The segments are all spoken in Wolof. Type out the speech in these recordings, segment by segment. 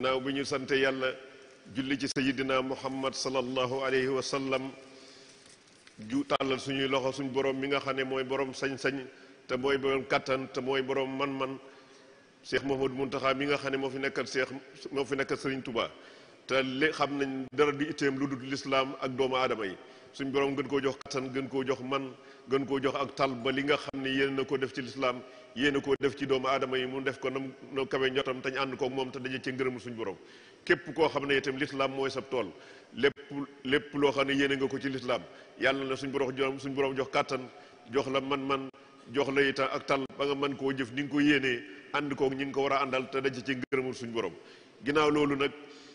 naaw bi ñu sant yàlla julli ci sayidina muhammad sallallahu alayhi wa sallam ju tàllal suñuy loxo suñ borom mi nga xam ne mooy borom sañ-sañ te mooy borom kattan te mooy borom man-man Cheikh Mouhamadou taxaam mi nga xam ne moo fi nekkal Cheikh moo fi nekkal Serigne tubaa te li xam nañ dara du itteem lu dul lislaam ak doomu aadama yi suñ borom gën koo jox kattan gën koo jox man. gën koo jox ak tal ba li nga xam ne yéen na ko def ci lislaam yéen a ko def ci doomu aadama yi mu def ko nam na kawe njottam tañ ànd koog moom te daje ci ngërëm suñu borom képp koo xam ne itam lislaam mooy sab tool lépp lépp loo xam ne yéene nga ko ci lislaam yàlla na suñu borom suñu borom jox kàttan jox la man-man jox la itam ak tal ba nga mën koo jëf ni nga ko yéenee ànd koog ñi nga ko war a àndal te daje ci ngërëmul suñu borom ginnaaw loolu nag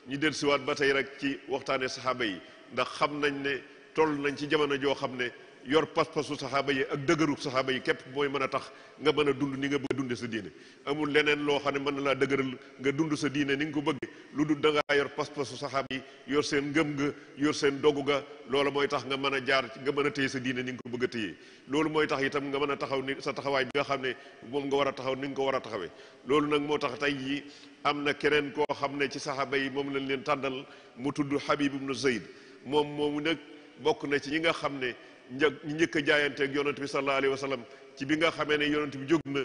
ñu del siwaat ba tey rek ci waxtaane saxaaba yi ndax xam nañ ne toll nañ ci jamono joo xam ne yor pas-pasu saxaaba yi ak dëgëru saxaaba yi képp mooy mën a tax nga mën a dund ni nga bëgg dunde sa diine amul leneen loo xam ne mën na laa dëgëral nga dund sa diine ni nga ko bëggee lu dul da ngaa yor pas-pasu saxaaba yi seen ngëm nga yor seen dogu ga loolu tax nga mën a jaar nga mën a téye sa diine ni nga ko bëgg a loolu mooy tax itam nga a taxaw ni sa taxawaay bi nga xam ne moom nga war a taxaw ni nga ko war a taxawee loolu nag moo tax tey yi am na keneen koo xam ne ci saxaaba yi moom lañ leen tàndal mu tudd Habib ibnu Zayd moom moomu nag bokk na ci ñi nga xam ne njëkk njëkk a jaayanteeg yonent bi sallallahu alayhi wa sallam ci bi nga xamee ne yonent bi jóg na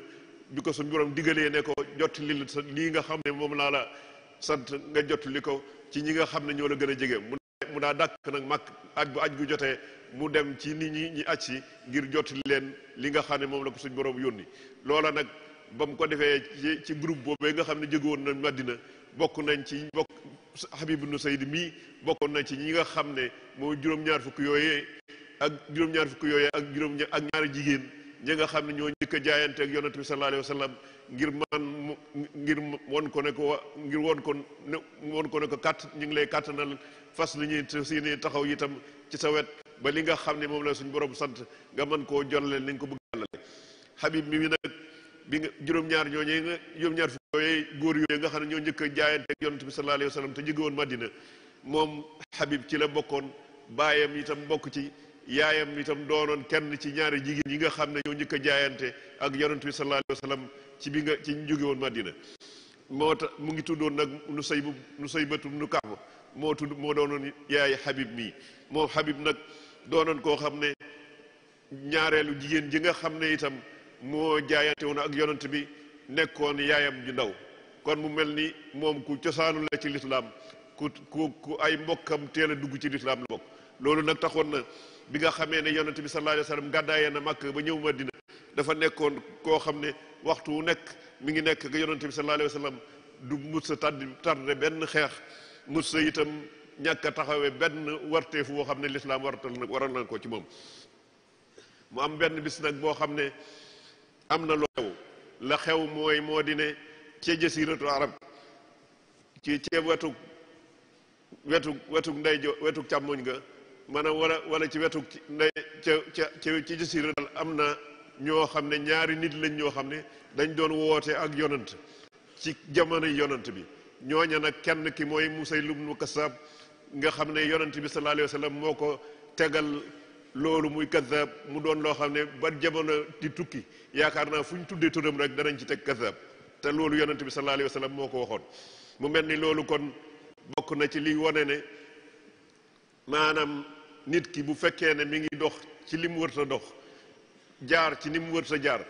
bi ko suñu borom digalee ne ko jot li la lii nga xam ne moom laa la nga jot li ko ci ñi nga xam ne ñoo la gën a jege mu mu daa dàkk nag mag aj bu jotee mu dem ci nit ñi ñi aj si ngir jot leen li nga xam ne moom la ko suñu borom yónni loola nag ba mu ko defee ci ci groupe boobee nga xam ne jógewoon na Madina bokk nañ ci bokk Habib ibn Sayd mii bokkoon nañ ci ñi nga xam ne moo juróom-ñaar fukk yooyee ak juróom-ñaar fukk yooyu ak juróom ak ñaari jigéen ñi nga xam ne ñoo njëkk a jaayante ak yonent bi sallallahu alayhi wa sallam ngir man ngir won ko ne ko ngir won ko ne won ko ne ko kàtt ñu ngi lay kàttanal fas li ñuy seeni taxaw itam ci sa wet ba li nga xam ne moom la suñu borom sant nga mën koo jolle ni nga ko bëgg jàllale Habib mi mi nag bi nga juróom-ñaar ñooñu nga juróom-ñaar fukk yooyu góor yooyu nga xam ne ñoo njëkk a jaayante ak yonent bi sallallahu alayhi wa sallam te jóge woon Madina moom Habib ci la bokkoon baayam itam bokk ci yaayam itam doonoon kenn ci ñaari jigéen yi nga xam ne ñoo njëkk a jaayante ak yonent bi sallallahu alayhi wa sallam ci bi nga ci ñu jóge woon Madina moo tax mu ngi tuddoon nag nu say bu nu say bëtu nu kaab moo tudd moo doonoon yaay Habib mii moom Habib nag doonoon koo xam ne ñaareelu jigéen ji nga xam ne itam moo jaayante woon ak yonent bi nekkoon yaayam ju ndaw kon mu mel ni moom ku cosaanu la ci lislaam ku ku ay mbokkam teel a dugg ci lislaam la bokk loolu nag taxoon na bi nga xamee ne yonent bi sallallahu alayhi wa sallam na màkk ba ñëw dina dafa nekkoon koo xam ne waxtu wu nekk mu ngi nekk ak yonent bi sallallahu alayhi wa sallam du mus a tàdd tardé benn xeex mus a itam ñàkk taxawe taxawee benn warteefu woo xam ne lislaam waratal na waral na ko ci moom mu am benn bis nag boo xam ne am na lu xew la xew mooy moo di ne ci jasiratu arab ci ceeb wetu wetu wetu ndey jo wetu càmmoñ ga maanaam walla wala ci wetu nday ca ca ca ci jasira daal am na ñoo xam ne ñaari nit lañ ñoo xam ne dañ doon wootee ak yonant ci jamono yonant bi ñooña nag kenn ki mooy Musaylima ibnu Kazzab nga xam ne yonant bi sallallahu alayhi wa sallam moo ko tegal loolu muy Kazzab mu doon loo xam ne ba jamono di tukki yaakaar naa fu ñu tuddee turam rek danañ ci teg Kazzab te loolu yonant bi sallallahu alayhi wa sallam moo ko waxoon mu mel ni loolu kon bokk na ci li wone ne maanaam nit ki bu fekkee ne mi ngi dox ci li mu wër sa dox jaar ci ni mu jaar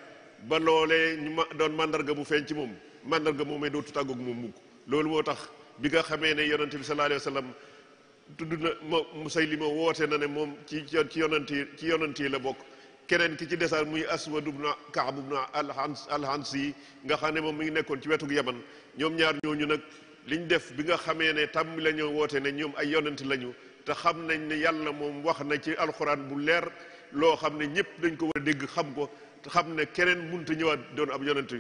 ba ñu doon mandarga bu feeñ ci mandarga moomee dootu tàggoog moom mukk loolu moo bi nga xamee ne yonente bi sallallahu alayhi wa sallam na mo musaylima woote na ne moom ci ci yonent yi ci yonent yi la bokk keneen ki ci desaan muy aswad ibn kaab ibn alhansi nga xam ne moom mi ngi nekkoon ci wetug yaman ñoom ñaar liñ def bi nga ne tàmm la ñoo woote ne ñoom ay lañu te xam nañ ne yàlla moom wax na ci alxuraan bu leer loo xam ne ñëpp dañ ko war a dégg xam ko te xam ne keneen mënut a ñëwaat doon ab yonent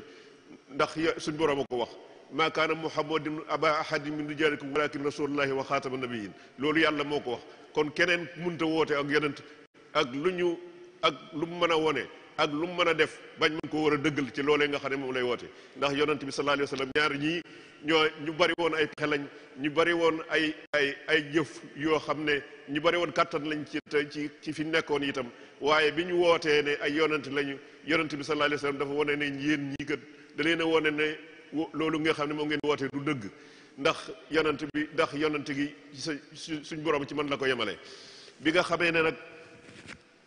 ndax suñ borom a ko wax mu maa kaana muhammadun aba ahadin min rijaalikum walakin rasulullahi wa xaatama nabiyin loolu yàlla moo ko wax kon keneen mënut a woote ak yonent ak lu ñu ak lu mu mën a wone ak lu mu mën a def bañ mën koo war a dëggal ci loolee nga xam ne moom lay woote ndax yonent bi sallallahu alayhi wa sallam ñaar ñoo ñu bari woon ay pexe ñu bari woon ay ay ay jëf yoo xam ne ñu bari woon kattan lañ ci ci ci fi nekkoon itam waaye bi ñu wootee ne ay yonent lañu yonent bi sallallahu alayhi dafa wane ne yéen ñii kat da leen a ne loolu nga xam ne moom ngeen wootee du dëgg ndax yonent bi ndax yonent gi sa suñ borom ci man la ko yemale bi nga xamee ne nag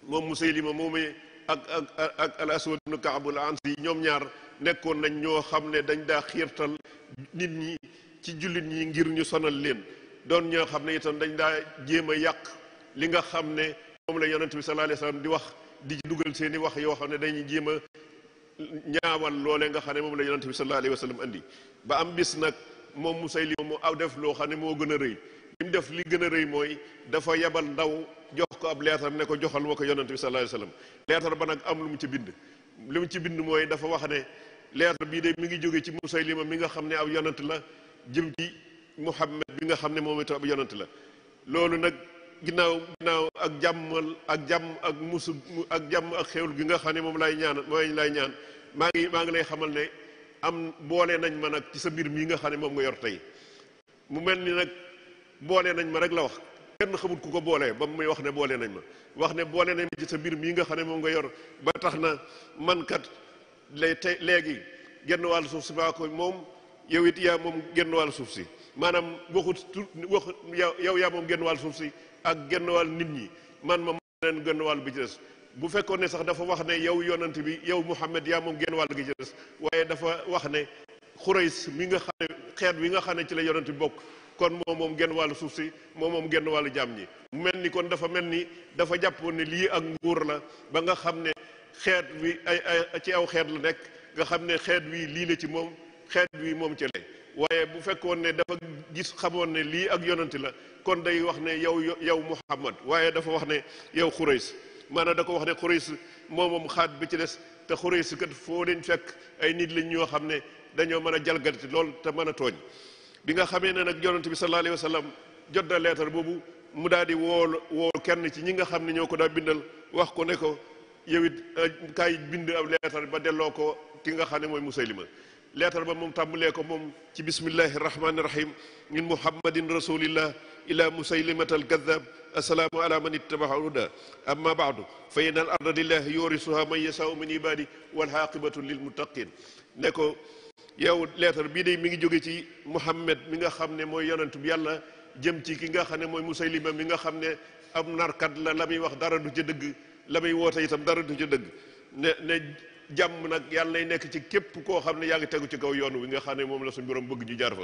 moom Musaylima moomee ak ak ak al aswad ibnu kaab al ansi ñoom ñaar nekkoon nañ ñoo xam ne dañ daa xiirtal nit ñi ci jullit ñi ngir ñu sonal leen doon ñoo xam ne itam dañ daa jéem a yàq li nga xam ne moom la yonent bi sallallahu alayhi wasallam di wax di ci dugal seen i wax yoo xam ne dañuy jéem a ñaawal loolee nga xam ne moom la yonent bi sallallahu alayhi wasallam andi ba am bis nag moom mu Musaylima mu aw def loo xam ne moo gën a rëy li def li gën a rëy mooy dafa yabal ndaw ko ab leetar ne ko joxal wa ko yonent bi sallallahu alayhi wasallam leetar ba nag am lu mu ci bind li mu ci bind mooy dafa wax ne leetar bii de mi ngi jóge ci Musaylima mi nga xam ne ab yonent la jëm ci Muhammad bi nga xam ne moom itam ab yonent la loolu nag ginnaaw ginnaaw ak jàmmal ak jàmm ak musu ak jàmm ak xewul gi nga xam ne moom laay ñaan mooy laay ñaan maa ngi maa ngi lay xamal ne am boole nañ ma nag ci sa mbir mii nga xam ne moom yor tey mu mel ni nag boole nañ ma rek la wax kenn xamul ku ko boole ba muy wax ne boole nañ ma wax ne boole nañ ma ci sa mbir mii nga xam ne moom nga yor ba tax na man kat lay tey léegi genn wàllu suuf si maa ko moom yow it yaa moom genn wàllu suuf si maanaam waxut wax yow yaa moom genn wàllu suuf si ak genn wàllu nit ñi man ma leen genn wàllu bi ci des bu fekkoon ne sax dafa wax ne yow yonant bi yow Muhammad yaa moom genn wàll gi ci des waaye dafa wax ne xurays mi nga xam ne xeet wi nga xam ne ci la yonant bi bokk kon moom moom genn wàllu suuf si moo moom genn wàllu jaam ñi mel ni kon dafa mel ni dafa jàppoon ne lii ak nguur la ba nga xam ne xeet wi ay ay ci aw xeet la nekk nga xam ne xeet wi lii la ci moom xeet wi moom ci lay waaye bu fekkoon ne dafa gis xamoon ne lii ak yonante la kon day wax ne yow yow Muhammad waaye dafa wax ne yow Xurays maanaam da ko wax ne Xurays moom moom xaat bi ci des te Xurays kat foo leen fekk ay nit lañ ñoo xam ne dañoo mën a jalgati lool te mën a tooñ bi nga xamee ne nag yonent bi sallallahu alayhi wa sallam jot na leetar boobu mu daal di wool wool kenn ci ñi nga xam ne ñoo bindal wax ko ne ko yow it bind ab leetar ba delloo ko ki nga xam ne musaylima leetar ba moom tàmbalee ko moom ci bismillahi rahmani rahim min muhammadin rasulillah ila musaylimata alkadab assalaamu ala man ittabaha huda amma baadu fa in al arda lillahi yorisuha man yasaau min ibadi walxaaqibatu lilmuttaqin ne ko yow leetar bii de mi ngi jógee ci Muhammad mi nga xam ne mooy yonent bi yàlla jëm ci ki nga xam ne mooy Musaylima mi nga xam ne am narkat la la muy wax dara du ca dëgg la muy woote itam dara du ca dëgg ne ne jàmm nag yàlla lay nekk ci képp koo xam ne yaa ngi tegu ci kaw yoon wi nga xam ne moom la suñu borom bëgg ñu jaar fa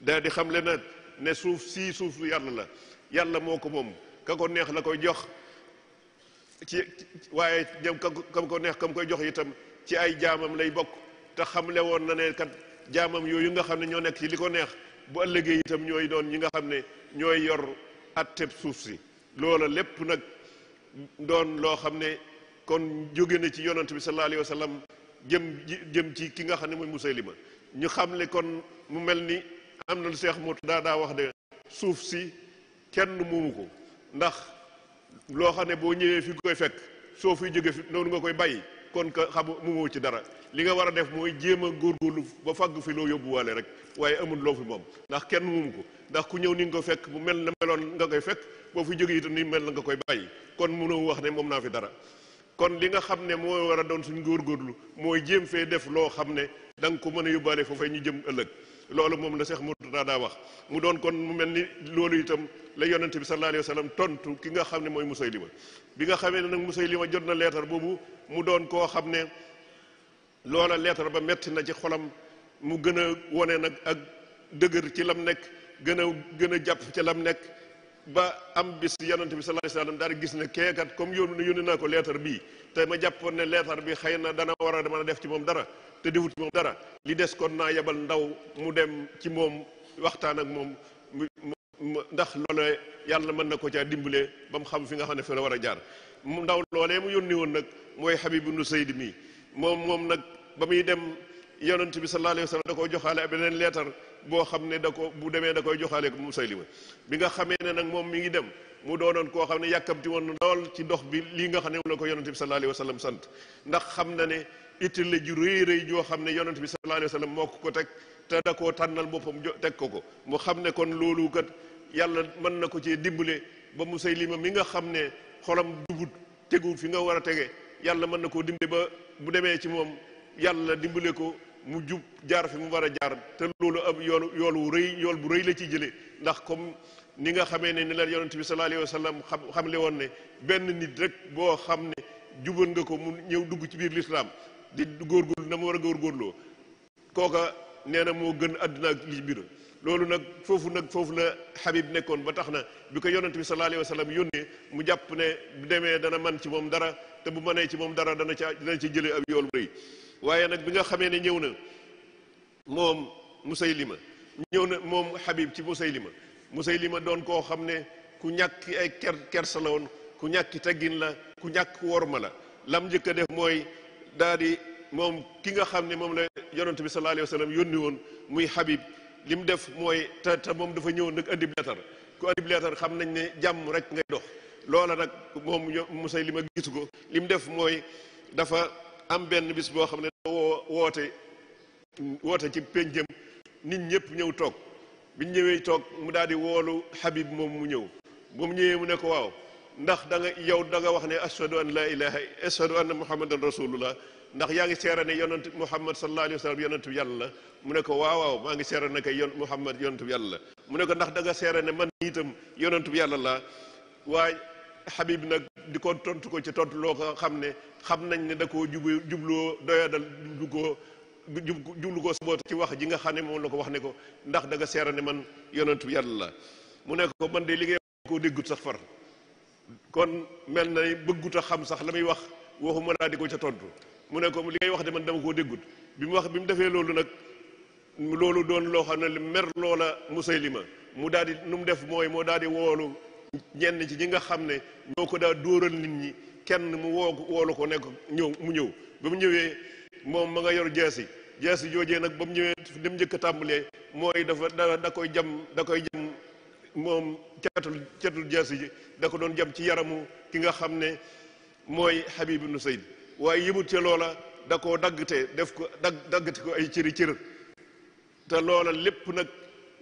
da di xam le na ne suuf sii suuf su yàlla la yàlla moo ko moom ka ko neex la koy jox ci waaye ñoom ka ka ko neex ka koy jox itam ci ay jaamam lay bokk te xamle woon na ne kat jaamam yooyu nga xam ne ñoo nekk ci li ko neex bu ëllëgee itam ñooy doon ñi nga xam ne ñooy yor atteb suuf si loola lépp nag doon loo xam ne kon jóge na ci yonant bi sallallahu alayhi wa sallam jëm jëm ci ki nga xam ne mooy musalima ñu xamle kon mu mel ni am na lu seex mootu daa daa wax de suuf si kenn muumu ko ndax loo xam ne boo ñëwee fi nga koy fekk soo fiy jóge fi noonu nga koy bàyyi kon que xam mu moo ci dara li nga war a def mooy jéem a góorgóorlu ba fàgg fi loo yóbbuwaale rek waaye amul loo fi moom ndax kenn moomu ko ndax ku ñëw ni nga ko fekk mu mel na meloon nga koy fekk boo fi jógee itam ni mel na nga koy bàyyi kon mënoo wax ne moom naa fi dara kon li nga xam ne moo war a doon suñ góorlu mooy jéem fee def loo xam ne da nga ko mën a yóbbaale foofee ñu jëm ëllëg loolu moom la Cheikh Mourtada daa wax mu doon kon mu mel ni loolu itam la yonante bi sallallahu alayhi wa tontu ki nga xam ne mooy Musaylima bi nga xamee ne nag Musaylima jot na leetar boobu mu doon koo xam ne loola leetar ba metti na ci xolam mu gën a wone nag ak dëgër ci lam nekk gën a gën a jàpp ci lam nekk ba am bis yonent bi sallallahu alayhi wasallam daal di gis ne keekat comme yónni naa ko leetar bii te ma jàppoon ne leetar bi xëy na dana war a mën def ci moom dara te defut ci moom dara li des kon naa yebal ndaw mu dem ci moom waxtaan ak moom ndax loolee yàlla mën na ko caa dimbale ba mu xam fi nga xam ne fi la war a jaar mu ndaw loolee mu yónni woon nag mooy Habib ibn Sayd mii moom moom nag ba muy dem yonent bi sallallahu alayhi wasallam da koo joxaale beneen leetar boo xam ne da ko bu demee da koy joxaale ko Musaylima bi nga xamee ne nag moom mi ngi dem mu doon koo xam ne yàkkamti woon lool ci dox bi lii nga xam ne mu la ko yonante bi sallallahu alayhi wa sallam sant ndax xam na ne itteel la ju rëy rëy joo xam ne yonante bi sallallahu alayhi wa moo ko ko teg te da koo tànnal boppam teg ko ko mu xam ne kon loolu kat yàlla mën na ko cee dimbale ba Musaylima mi nga xam ne xolam dugut teguwul fi nga war a tege yàlla mën na koo dimbale ba bu demee ci moom yàlla dimbale ko mu jub jaar fi mu war a jaar te loolu ab yoolu yool wu rëy yool bu rëy la ci jëlee ndax comme ni nga xamee ne ni la yonent bi sallallahu alayhi wa sallam xam lee woon ne benn nit rek boo xam ne jubal nga ko mu ñëw dugg ci biir lislaam di góorgóorlu na mu war a góorgóorloo kooka nee na moo gën àdduna ak li loolu nag foofu nag foofu la Habib nekkoon ba tax na bi ko yonent bi sallallahu alayhi wa yónnee mu jàpp ne bu demee dana man ci moom dara te bu mënee ci moom dara dana ca dana ci jëlee ab yoolu rëy waaye nag bi nga xamee ne ñëw na moom Musaylima ñëw na moom Habib ci Musaylima Musaylima doon koo xam ne ku ñàkk ay ker kersa la woon ku ñàkki teggin la ku ñàkk worma la lam njëkk a def mooy daa moom ki nga xam ne moom la yonent bi sallallahu alayhi wa sallam yónni woon muy Habib li mu def mooy te te moom dafa ñëw nag andi leetar ku andi leetar xam nañ ne jàmm rek ngay dox loola nag moom Musaylima gisu ko li mu def mooy dafa am benn bis boo xam ne da woo woote woote ci pénjëm nit ñëpp ñëw toog biñ ñëwee toog mu daal di woolu Habib moom mu ñëw ba mu ñëwee mu ne ko waaw ndax da nga yow da nga wax ne ashadu an laa ilaha ashadu anna muhammadan rasulullah ndax yaa ngi seera ne yonent muhammad sallallahu alayhi wa sallam yonentu yàlla la mu ne ko waaw waaw maa ngi seera ne kay yon muhammad yonentu yàlla la mu ne ko ndax da nga seera ne man itam yonentu yàlla la waa Habib nag di ko tontu ko ca tontu loo ko xam ne xam nañ ne da koo jubu jubloo doyadal jublu koo jublu koo saboot ci wax ji nga xam ne moom la ko wax ne ko ndax danga nga seera ne man yonentu yàlla la mu nekk ko man de liggéey koo déggut sax far kon mel na bëggut a xam sax la muy wax waxuma laa di ko ca tontu mu ne li ngay wax de man dama koo déggut bi mu wax bi mu defee loolu nag loolu doon loo xam ne mer loola Musaylima mu daal di nu mu def mooy moo daal di woolu ñenn ci ñi nga xam ne ñoo ko daa dóoral nit ñi kenn mu woo woolu ko nekk ñëw mu ñëw ba mu ñëwee moom ma nga yor jeesi jeesi joojee nag ba mu ñëwee ni mu njëkk a tàmbalee mooy dafa da da koy jam da koy jam moom catul catul jeesi ji da ko doon jam ci yaramu ki nga xam ne mooy xabib ibnu sayd waaye yëbut ca loola da koo daggte def ko dag daggte ko ay cëri cër te loola lépp nag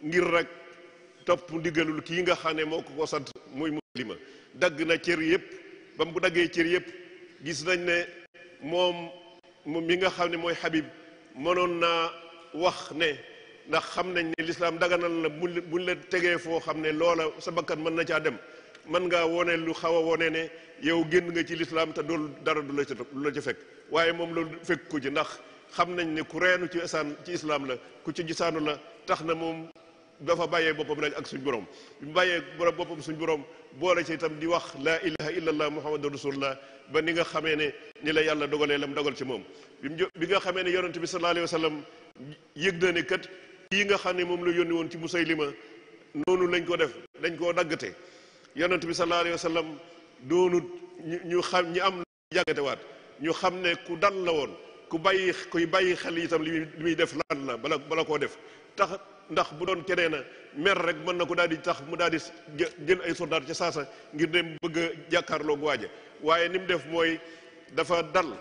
ngir rek topp ndigalul kii nga xam ne moo ko ko sant muy muslima dagg na cër yëpp ba mu daggee cër yëpp gis nañ ne moom moom yi nga xam ne mooy Habib mënoon naa wax ne ndax xam nañ ne lislaam daganal la buñ la buñ la tegee foo xam ne loola sa bakkan mën na caa dem mën ngaa wone lu xaw a wone ne yow génn nga ci lislaam te dool dara du la ca du la ca fekk waaye moom loolu fekk ko ci ndax xam nañ ne ku reenu ci isaan ci la ku ci gisaanu la tax na moom dafa bàyyee boppam rek ak suñ borom bi mu bàyyee suñ borom boole ci itam di wax laa ilaha illallah muhammadu rasulullah ba ni nga xamee ne ni la yàlla dogalee lam dogal ci moom bi mu bi nga xamee ne yonente bi sallallahu alayhi wa sallam yëg na ne kat yi nga xam ne moom la yónni woon ci musaylima noonu lañ ko def dañ koo daggate yonente bi sallallahu alayhi wa sallam ñu xam ñi am jàggatewaat ñu xam ne ku dal la woon ku bàyyi kuy bàyyi xel itam li def lan la bala bala koo def ndax bu doon keneen a mer rek mën na ko daal di tax mu daal di jël ay soldat ca sax ngir dem bëgg a jàkkaarloog waaja waaye ni mu def mooy dafa dal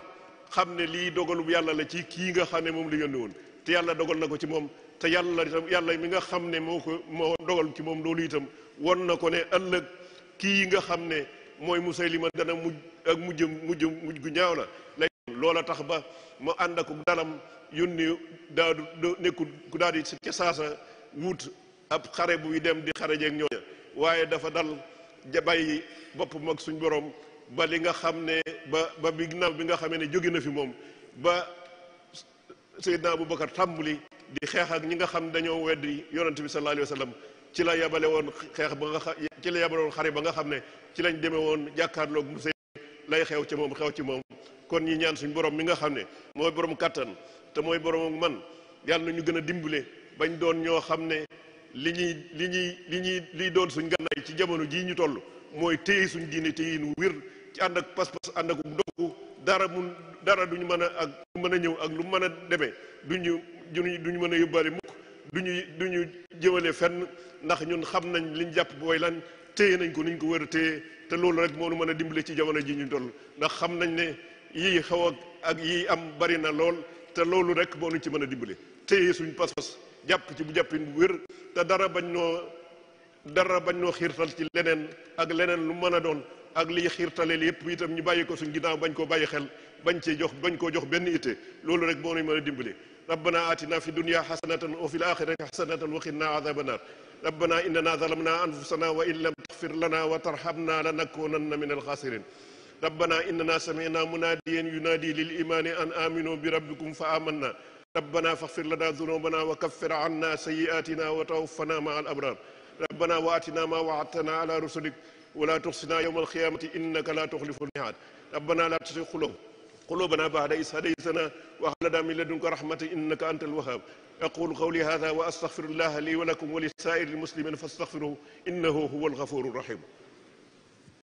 xam ne lii dogalub yàlla la ci kii nga xam ne moom la yónni yàlla dogal na ko ci moom te yàlla itam yàlla mi nga xam ne moo ko moo dogal ci moom loolu itam won na ko ne ëllëg kii nga xam ne mooy Musaylima dana mujj ak mujjëm mujjëm mujj gu ñaaw la loola tax ba mu ànd ak dalam yónni daa du nekkul ku daal di ca saasa wut ab xare buy dem di xare jeeg ñooña waaye dafa dal bay bopp ak suñ borom ba li nga xam ne ba ba bi ginnaaw bi nga xamee ne jóge na fi moom ba Seydina Aboubacar tàmbali di xeex ak ñi nga xam dañoo weddi yonent bi sallallahu alayhi wa sallam ci la yabale woon xeex ba nga ci la yabale xare ba nga xam ne ci lañ demee woon jàkkaarloog lay xew ci moom xew ci moom kon ñi ñaan suñu borom mi nga xam ne mooy borom kàttan te mooy borom man yàlla na ñu gën a dimbale bañ doon ñoo xam ne li ñuy li ñuy li ñuy liy doon suñ gànnaay ci jamono jii ñu toll mooy téye suñ diine téye nu wér ci ànd ak pas-pas ànd ak dogu dara mun dara duñu mën a ak lu mën a ñëw ak lu mën a demee duñu duñu duñu mën a yóbbaale mukk duñu ñu jëmale fenn ndax ñun xam nañ liñ jàpp booy lan téye nañ ko niñ ko war a téye te loolu rek moo nu mën a dimbale ci jamono ji ñu toll ndax xam nañ ne yii xaw ak yii am bari na lool te loolu rek moo nu ci mën a dimbale téye suñ pas-pas jàpp ci bu jàppin bu wér te dara bañ noo dara bañ noo xiirtal ci leneen ak leneen lu mën a doon ak liy xiirtaleel yëpp itam ñu bàyyi ko suñ ginnaaw bañ koo bàyyi xel bañ cee jox bañ koo jox benn ite loolu rek moo nuy mën a dimbale rabbana atina fi dunya xasanatan wa fil axirati xasanatan wa qina adaba ربنا إننا ظلمنا أنفسنا وإن لم تغفر لنا وترحمنا لنكونن من الخاسرين ربنا إننا سمعنا مناديا ينادي للإيمان أن آمنوا بربكم فآمنا ربنا فاغفر لنا ذنوبنا وكفر عنا سيئاتنا وتوفنا مع الأبرار ربنا وآتنا ما وعدتنا على رسلك ولا تخصنا يوم القيامة إنك لا تخلف الميعاد ربنا لا تزغ قلوبنا قلوبنا بعد إذ هديتنا وهب لنا من لدنك رحمة إنك أنت الوهاب أقول قولي هذا وأستغفر الله لي ولكم ولسائر المسلمين فاستغفروه إنه هو الغفور الرحيم